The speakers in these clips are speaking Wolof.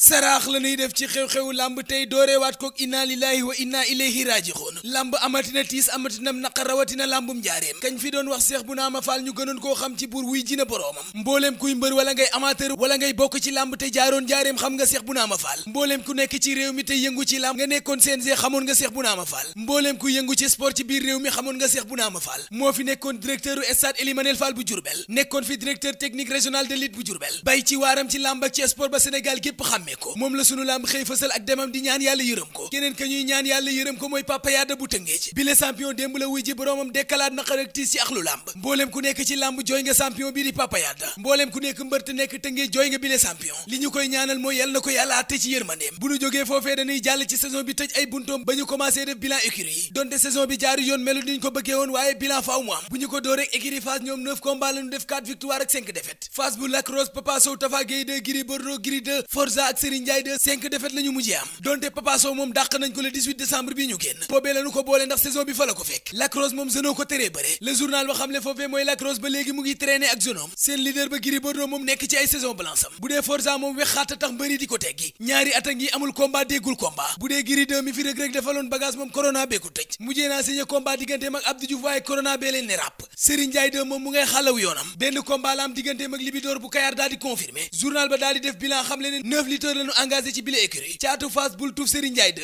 saraax la ñuy def ci xew-xewu làmb tey dooreewaat kook inna lillahi wa inna ilayhi raajixoon lamb amatina tiis amatina naqa rawatina lambum njaareem kañ fi doon wax seex bu naa ma faal ñu gënoon koo xam ci buur wuy jina boroomam mbooleem kuy mbër wala ngay amateur wala ngay bokk ci lamb te jaaroon njaareem xam nga seex bu naa ma faal mbooleem ku nekk ci réew te yëngu ci lamb nga nekkoon CNG xamoon nga seex bu naa ma faal mbooleem ku yëngu ci sport ci biir réew mi xamoon nga seex bu naa ma faal moo fi nekkoon directeur u stade Elimanel Fall bu Jurbel nekkoon fi directeur technique ci waaram ci lamb ak ci xam xàmmee moom la sunu lamb xëy fësal ak demam di ñaan yàlla yërëm ko keneen ka ñuy ñaan yàlla yërëm ko mooy Papa Yada bu tëngee bile champion démb la wuy ji boroomam dekkalaat naqar ci axlu lamb mbooleem ku nekk ci lamb jooy nga champion bi di Papa Yada mbooleem ku nekk mbër nekk tëngee jooy nga bile champion li ñu koy ñaanal mooy yàlla na ko yàlla àtte yërmandeem bu ñu jógee foofee dañuy jàll ci saison bi tëj ay buntoom ba ñu commencé def bilan ak seen leader ba Gris Bordeaux moom nekk ci ay saison blanche bu dee Forza moom wexaata tax mbëri di ko teggi ñaari at ngi amul combat déggul combat bu dee Gris 2 mi fi rëg-rëg defaloon bagage moom corona bee tëj mujjee naa signé combat digganteem ak Abdou waaye corona bee leen ne ràpp Serigne Ndiaye de moom mu ngay xalaw yoonam benn combat la am digganteem ak Libidor bu Kayar daal di confirmé journal ba daal di def bilan xam le lutteur lañu engagé ci bile écurie caatu Fass bul tuuf Serigne ak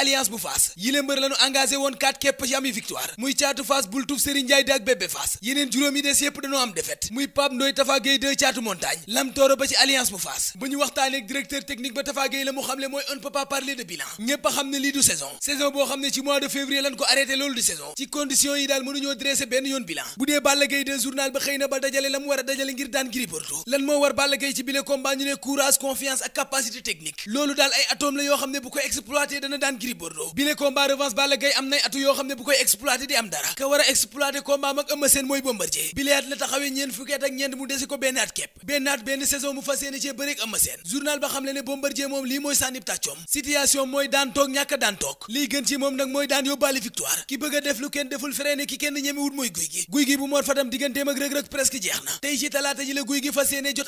alliance bu Fass yile mbër lañu engagé woon 4 képp ci ami victoire muy caatu Fass bul tuuf Serigne Ndiaye 2 ak bébé Fass yeneen juróom yi des yépp dañoo am défaite muy Pape Ndoye Tafa Gueye 2 caatu montagne lam ba ci alliance bu Fass bu ñu waxtaanee ak directeur technique ba Tafa Gueye la mu xamle mooy on peut parler de bilan ñépp a xam ne lii du saison saison boo xam ne ci mois de février lañ ko arrêté loolu du saison ci condition yi daal mënuñoo dressé benn yoon bilan bu dee na ba dajale la mu war a dajale ngir daan Gris Bordeaux war Balla Gaye ci bile combat ñu ne courage confiance ak capacité technique loolu daal ay atome la yoo xam ne bu koy exploité dana daan Gris Bordeaux bile combat revanche Balla Gaye am nay atu yoo xam ne bu koy exploité di am dara ka war a exploité combat mag Eumeu Sène mooy Bombardier bile at la taxawee ñeent fukki ak ñeent mu desi ko benn kepp benn benn saison mu fas yéene cee bëreeg Eumeu Sène journal ba xam le ne Bombardier moom lii mooy sànnib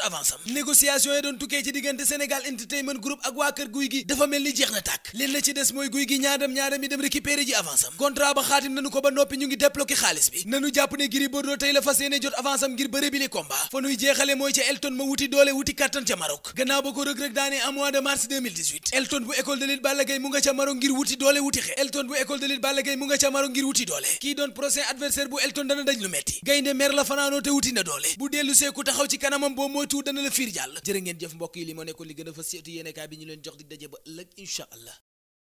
avance am doon tukkee ci diggante Sénégal Entertainment Group ak waa kër guy gi dafa mel ni jeex na tàkk leen ci des mooy guy gi ñaadam ñaadam yi dem récupérer ji avance contrat ba xaatim nañu ko ba noppi ñu ngi débloqué xaalis bi nañu jàpp ne Gris Bordeaux tey la fas yéene jot avance ngir bëre bi li combat fa nuy jeexale mooy ca Elton ma wuti doole wuti kattan ca Maroc gannaaw ba ko rëg-rëg daanee en mois de mars Elton bu école de lutte moytu dana la fiir jàll jërë ngeen jëf mbokk yi li moo nekkoon li gën a fas seetu yéenekaay bi ñu leen jox di daje ba ëllëg incha allah